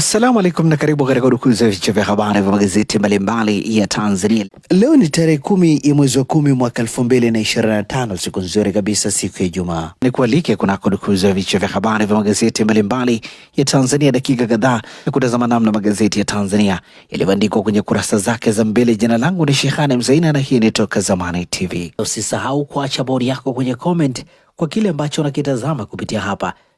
Assalamu alaikum na karibu katika udukuzi ya vichwa vya habari vya magazeti mbalimbali ya Tanzania. Leo ni tarehe kumi ya mwezi wa kumi mwaka elfu mbili na ishirini na tano siku nzuri kabisa, siku ya Ijumaa. Ni kualike kunako udukuzi ya vichwa vya habari vya magazeti mbalimbali ya Tanzania, dakika kadhaa ya kutazama namna magazeti ya Tanzania yalivyoandikwa kwenye kurasa zake za mbele. Jina langu ni Shehani Mzaina na hii ni Toka Zamani TV. Usisahau kuacha bodi yako kwenye comment kwa kile ambacho unakitazama kupitia hapa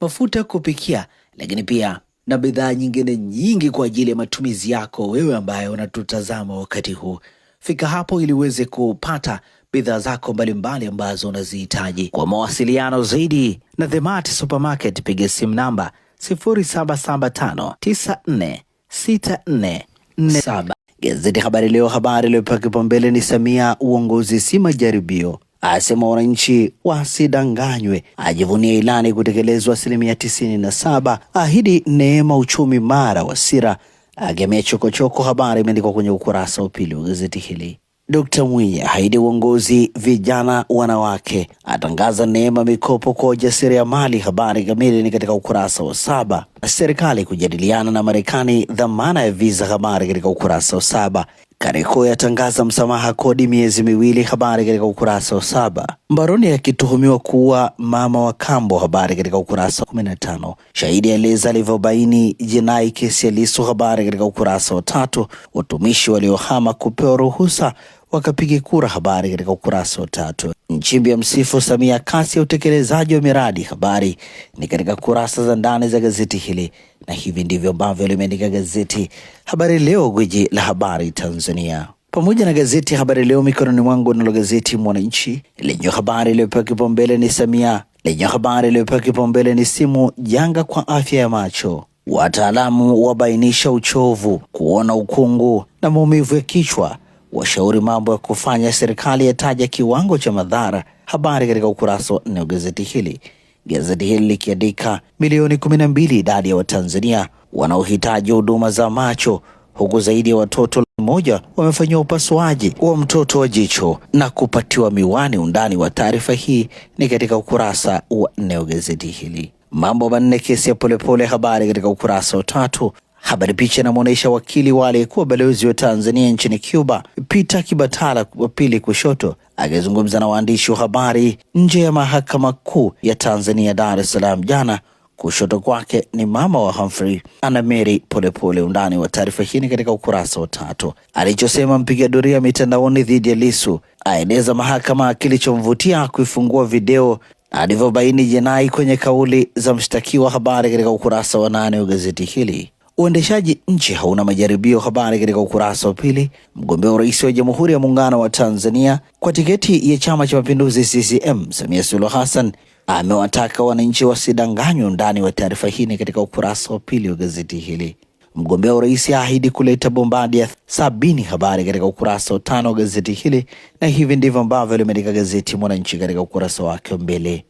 mafuta ya kupikia, lakini pia na bidhaa nyingine nyingi kwa ajili ya matumizi yako wewe ambaye unatutazama wakati huu. Fika hapo ili uweze kupata bidhaa zako mbalimbali ambazo unazihitaji. Kwa mawasiliano zaidi na Themart Supermarket piga simu namba 0775946447. Gazeti Habari Leo, habari iliyopewa kipaumbele ni Samia, uongozi si majaribio, asema wananchi wasidanganywe, ajivunia ilani kutekelezwa asilimia tisini na saba, ahidi neema uchumi mara. Wasira agemea chokochoko. Habari imeandikwa kwenye ukurasa wa pili wa gazeti hili. Dkt Mwinyi haidi uongozi vijana wanawake, atangaza neema mikopo kwa wajasiriamali. Habari kamili ni katika ukurasa wa saba. Serikali kujadiliana na Marekani dhamana ya viza Habari katika ukurasa wa saba. Kariakoo yatangaza msamaha kodi miezi miwili, habari katika ukurasa wa saba. Mbaroni akituhumiwa kuwa mama wa kambo, habari katika ukurasa wa kumi na tano. Shahidi eleza alivyobaini jinai kesi ya Lissu, habari katika ukurasa wa tatu. Watumishi waliohama kupewa ruhusa wakapiga kura, habari katika ukurasa wa tatu. Nchimbi ya msifu Samia kasi ya utekelezaji wa miradi, habari ni katika kurasa za ndani za gazeti hili na hivi ndivyo ambavyo limeandika gazeti Habari Leo, gwiji la habari Tanzania, pamoja na gazeti Habari Leo mikononi mwangu. Nalo gazeti Mwananchi lenye habari iliyopewa kipaumbele ni Samia, lenye habari iliyopewa kipaumbele ni simu janga kwa afya ya macho, wataalamu wabainisha uchovu, kuona ukungu na maumivu ya kichwa, washauri mambo ya kufanya, serikali yataja kiwango cha madhara. Habari katika ukurasa wa nne wa gazeti hili gazeti hili likiandika milioni mbili idadi ya Watanzania wanaohitaji huduma za macho huku zaidi ya watoto laki moja wamefanyiwa upasuaji wa mtoto wa jicho na kupatiwa miwani. Undani wa taarifa hii ni katika ukurasa wa nne wa gazeti hili. Mambo manne kesi ya Polepole, habari katika ukurasa wa tatu. Habari picha inamwonyesha wakili wa aliyekuwa balozi wa Tanzania nchini Cuba Peter Kibatala wa pili kushoto akizungumza na waandishi wa habari nje ya mahakama kuu ya Tanzania Dar es Salaam jana. Kushoto kwake ni mama wa Humphrey ana Mary Polepole. Undani wa taarifa hii ni katika ukurasa wa tatu. Alichosema mpiga doria mitandaoni dhidi ya Lisu aeleza mahakama kilichomvutia kuifungua video alivyobaini jinai kwenye kauli za mshtakiwa. Habari katika ukurasa wa nane wa gazeti hili. Uendeshaji nchi hauna majaribio. Habari katika ukurasa wa pili. Mgombea urais wa Jamhuri ya Muungano wa Tanzania kwa tiketi ya Chama cha Mapinduzi CCM, Samia Suluhu Hassan amewataka wananchi wasidanganywe. Undani wa taarifa hii ni katika ukurasa wa pili wa gazeti hili. Mgombea wa urais ahidi kuleta bombadi ya sabini. Habari katika ukurasa wa tano wa gazeti hili, na hivi ndivyo ambavyo limeandika gazeti Mwananchi katika ukurasa wake wa mbele.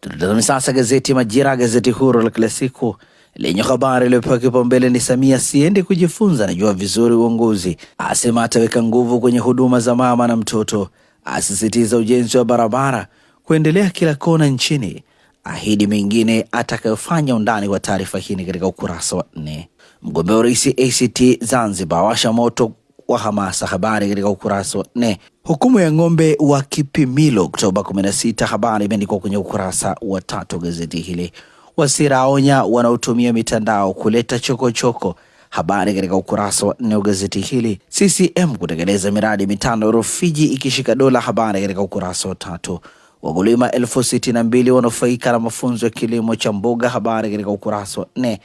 Tutazame sasa gazeti Majira, gazeti huru la kila siku lenye habari iliyopewa kipaumbele ni Samia siendi kujifunza, najua vizuri uongozi, asema ataweka nguvu kwenye huduma za mama na mtoto, asisitiza ujenzi wa barabara kuendelea kila kona nchini, ahidi mengine atakayofanya. Undani wa taarifa hii ni katika ukurasa wa nne. Mgombea urais ACT Zanzibar washa moto wa hamasa, habari katika ukurasa wa nne. Hukumu ya ng'ombe wa Kipimilo Oktoba 16, habari imeandikwa kwenye ukurasa wa tatu gazeti hili. Wasiraonya wanaotumia mitandao kuleta chokochoko -choko. Habari katika ukurasa wa nne wa gazeti hili. CCM kutekeleza miradi mitano Rufiji ikishika dola. Habari katika ukurasa wa tatu. Wakulima elfu sitini na mbili wanufaika na mafunzo ya kilimo cha mboga. Habari katika ukurasa wa nne.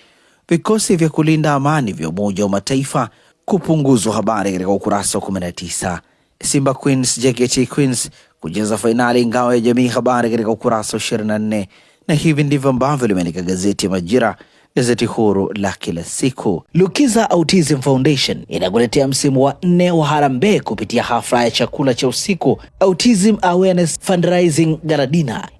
Vikosi vya kulinda amani vya Umoja wa Mataifa kupunguzwa. Habari katika ukurasa wa tisa. Simba Queens JKT Queens kucheza fainali ngao ya jamii. Habari katika ukurasa wa nne na hivi ndivyo ambavyo limeandika gazeti ya Majira, gazeti huru la kila siku. Lukiza Autism Foundation inakuletea msimu wa nne wa harambee kupitia hafla ya chakula cha usiku Autism Awareness Fundraising Gala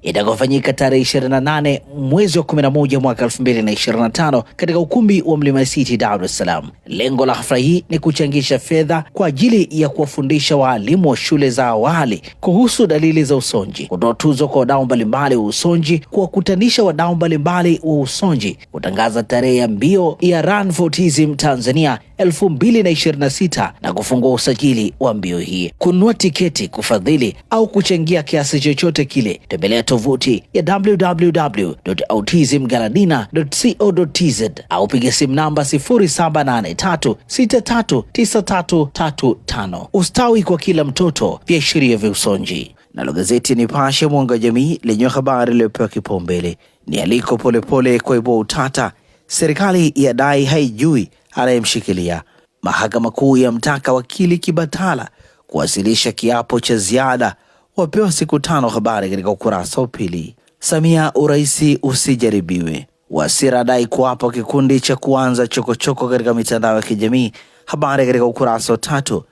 itakayofanyika tarehe 28 mwezi wa 11 mwaka 2025 katika ukumbi wa Mlima City, Dar es Salaam. Lengo la hafla hii ni kuchangisha fedha kwa ajili ya kuwafundisha waalimu wa shule za awali kuhusu dalili za usonji, kutoa tuzo kwa wadau mbalimbali wa usonji, kuwakutanisha wadau mbalimbali wa usonji, kutangaza tarehe ya mbio ya Run for Autism Tanzania 2026 na kufungua usajili wa mbio hii. Kununua tiketi, kufadhili au kuchangia kiasi chochote kile, tembelea tovuti ya www.autismgaladina.co.tz au piga simu namba 0783639335. Ustawi kwa kila mtoto, viashiria vya usonji. Nalo gazeti Nipashe Mwanga wa Jamii lenye habari iliyopewa kipaumbele ni aliko polepole kwa ibua utata, serikali yadai haijui anayemshikilia. Mahakama Kuu yamtaka wakili Kibatala kuwasilisha kiapo cha ziada, wapewa siku tano. Habari katika ukurasa wa pili. Samia, uraisi usijaribiwe. Wasira dai kuwapa kikundi cha kuanza chokochoko katika mitandao ya kijamii. Habari katika ukurasa wa tatu.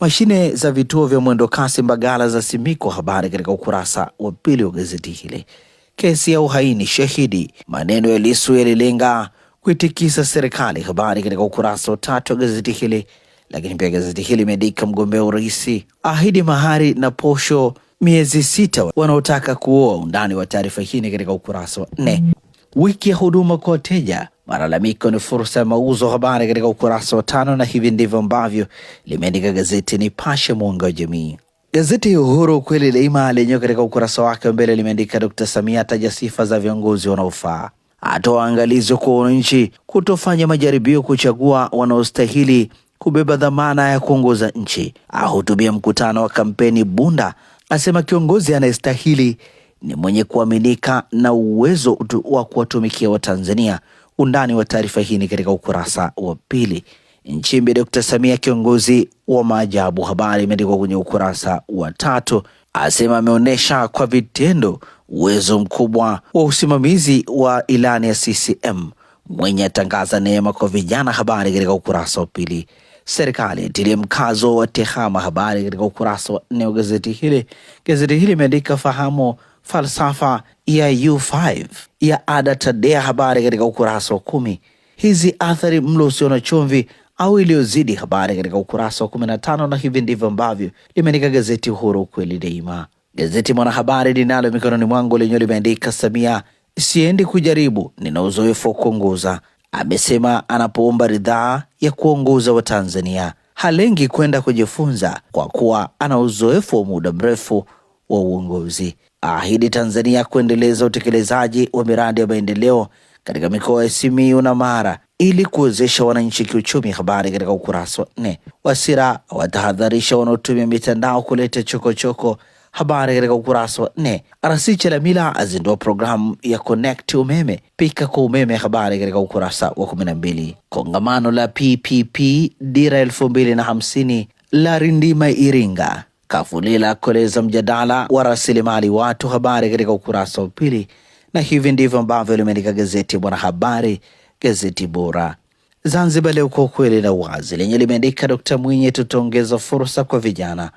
Mashine za vituo vya mwendo kasi Mbagala za simiko. Habari katika ukurasa wa pili wa gazeti hili. Kesi ya uhaini shahidi, maneno ya Lisu yalilenga kuitikisa serikali. Habari katika ukurasa wa tatu wa gazeti hili. Lakini pia gazeti hili imeandika mgombea urais ahidi mahari na posho miezi sita wanaotaka kuoa. Undani wa taarifa hii ni katika ukurasa wa nne. Wiki ya huduma kwa wateja, malalamiko ni fursa ya mauzo. Habari katika ukurasa wa tano, na hivi ndivyo ambavyo limeandika gazeti Nipashe Mwanga wa Jamii. Gazeti Uhuru ukweli daima lenyewe katika ukurasa wake wa mbele limeandika Dkt. Samia ataja sifa za viongozi wanaofaa atoa angalizo kwa wananchi kutofanya majaribio kuchagua wanaostahili kubeba dhamana ya kuongoza nchi. Ahutubia mkutano wa kampeni Bunda, asema kiongozi anayestahili ni mwenye kuaminika na uwezo wa kuwatumikia Watanzania. Undani wa taarifa hii ni katika ukurasa wa pili. Nchimbi Dkt Samia kiongozi wa maajabu, habari imeandikwa kwenye ukurasa wa tatu, asema ameonyesha kwa vitendo uwezo mkubwa wa usimamizi wa ilani ya CCM mwenye atangaza neema kwa vijana. Habari katika ukurasa wa pili. Serikali yatilia mkazo wa tehama. Habari katika ukurasa wa nne wa gazeti hili. Gazeti hili imeandika fahamu falsafa ya U5 ya ada TADEA. Habari katika ukurasa wa kumi. Hizi athari mlo usio na chumvi au iliyozidi. Habari katika ukurasa wa kumi na tano. Na hivi ndivyo ambavyo limeandika gazeti Uhuru, ukweli daima. Gazeti Mwanahabari ninalo mikononi mwangu lenyewe limeandika Samia, siendi kujaribu, nina uzoefu wa kuongoza. Amesema anapoomba ridhaa ya kuongoza Watanzania halengi kwenda kujifunza kwa kuwa ana uzoefu wa muda mrefu wa uongozi. Ahidi Tanzania kuendeleza utekelezaji wa miradi ya maendeleo katika mikoa ya Simiyu na Mara ili kuwezesha wananchi kiuchumi. Habari katika ukurasa wa nne. Wasira watahadharisha wanaotumia mitandao kuleta chokochoko choko Habari katika ukurasa wa nne. RC Chalamila azindua programu ya Connect umeme pika kwa umeme. Habari katika ukurasa wa kumi na mbili. Kongamano la PPP dira elfu mbili na hamsini la Rindima Iringa Kafulila koleza mjadala wa rasilimali watu. Habari katika ukurasa wa pili, na hivi ndivyo ambavyo limeandika gazeti Mwanahabari, gazeti bora Zanzibar Leo, kwa ukweli na uwazi, lenye limeandika Dkt Mwinyi, tutaongeza fursa kwa vijana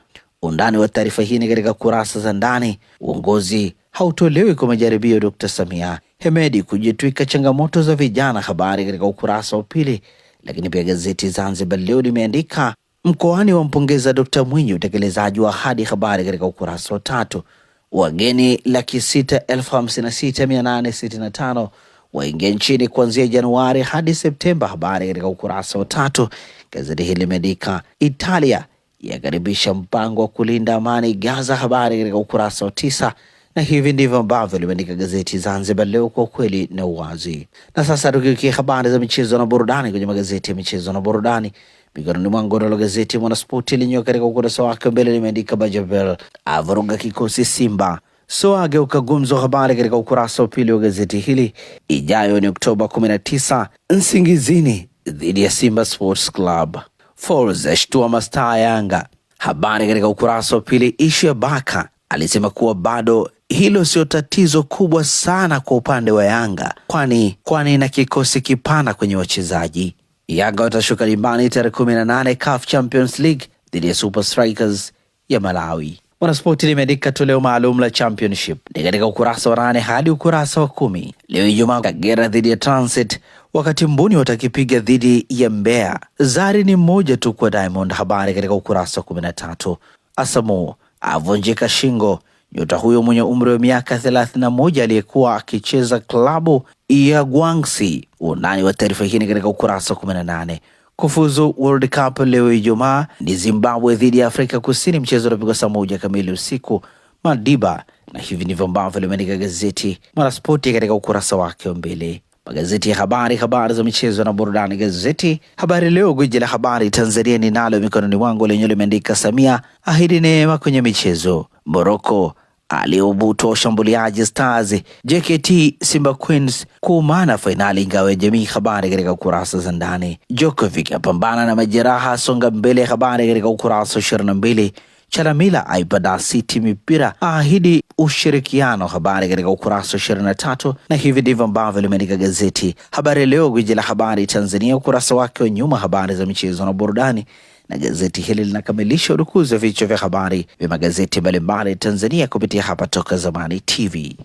Undani wa taarifa hii ni katika kurasa za ndani. Uongozi hautolewi kwa majaribio, Dr Samia Hemedi kujitwika changamoto za vijana, habari katika ukurasa wa pili. Lakini pia gazeti Zanzibar Leo limeandika mkoani wampongeza Dr Mwinyi utekelezaji wa ahadi, habari katika ukurasa wa tatu. Wageni laki sita elfu hamsini na sita mia nane sitini na tano waingia nchini kuanzia Januari hadi Septemba, habari katika ukurasa wa tatu. Gazeti hili limeandika Italia yakaribisha mpango wa kulinda amani Gaza, habari katika ukurasa wa tisa. Na hivi ndivyo ambavyo limeandika gazeti Zanzibar Leo, kwa ukweli na uwazi. Na sasa tukiukia habari za michezo na burudani kwenye magazeti ya michezo na burudani mikononi mwangu, nalo gazeti Mwanaspoti lenyewe katika ukurasa wake mbele limeandika Bajabel avuruga kikosi Simba so ageuka gumzo. Habari katika ukurasa wa pili wa gazeti hili. Ijayo ni Oktoba 19 Nsingizini dhidi ya Simba Sports Club. Folz ashtua mastaa Yanga. Habari katika ukurasa wa pili. Ishu ya Baka alisema kuwa bado hilo sio tatizo kubwa sana kwa upande wa Yanga, kwani kwani na kikosi kipana kwenye wachezaji. Yanga watashuka dimbani tarehe 18 CAF Champions League dhidi ya Super Strikers ya Malawi. Mwanaspoti limeandika toleo maalum la championship ni katika ukurasa wa nane hadi ukurasa wa kumi. Leo Ijumaa, Kagera dhidi ya Transit wakati mbuni watakipiga dhidi ya Mbeya. Zari ni mmoja tu kwa Diamond. Habari katika ukurasa wa kumi na tatu. Asamu avunjika shingo. Nyota huyo mwenye umri wa miaka 31 aliyekuwa akicheza klabu ya Guangxi. Undani wa taarifa hii katika ukurasa wa 18. Kufuzu World Cup leo Ijumaa ni Zimbabwe dhidi ya Afrika Kusini, mchezo unapigwa saa moja kamili usiku Madiba, na hivi ndivyo ambavyo limeandika gazeti Mwanaspoti katika ukurasa wake wa mbele magazeti ya habari, habari za michezo na burudani. Gazeti Habari Leo, gwiji la habari Tanzania, ninalo mikononi mwangu, lenyewe limeandika Samia ahidi neema kwenye michezo, Moroko aliobutwa ushambuliaji Stars, JKT Simba Queens kuumana fainali ingawa ya jamii. Habari katika kurasa za ndani. Djokovic apambana na majeraha, songa mbele ya habari katika ukurasa wa ishirini na mbili. Chalamila aipada City mipira aahidi ushirikiano. Habari katika ukurasa wa 23, na hivi ndivyo ambavyo limeandika gazeti Habari Leo, gwiji la habari Tanzania, ukurasa wake wa nyuma, habari za michezo na burudani na gazeti hili linakamilisha udukuzi wa vichwa vya habari vya magazeti mbalimbali Tanzania kupitia hapa Toka Zamani TV.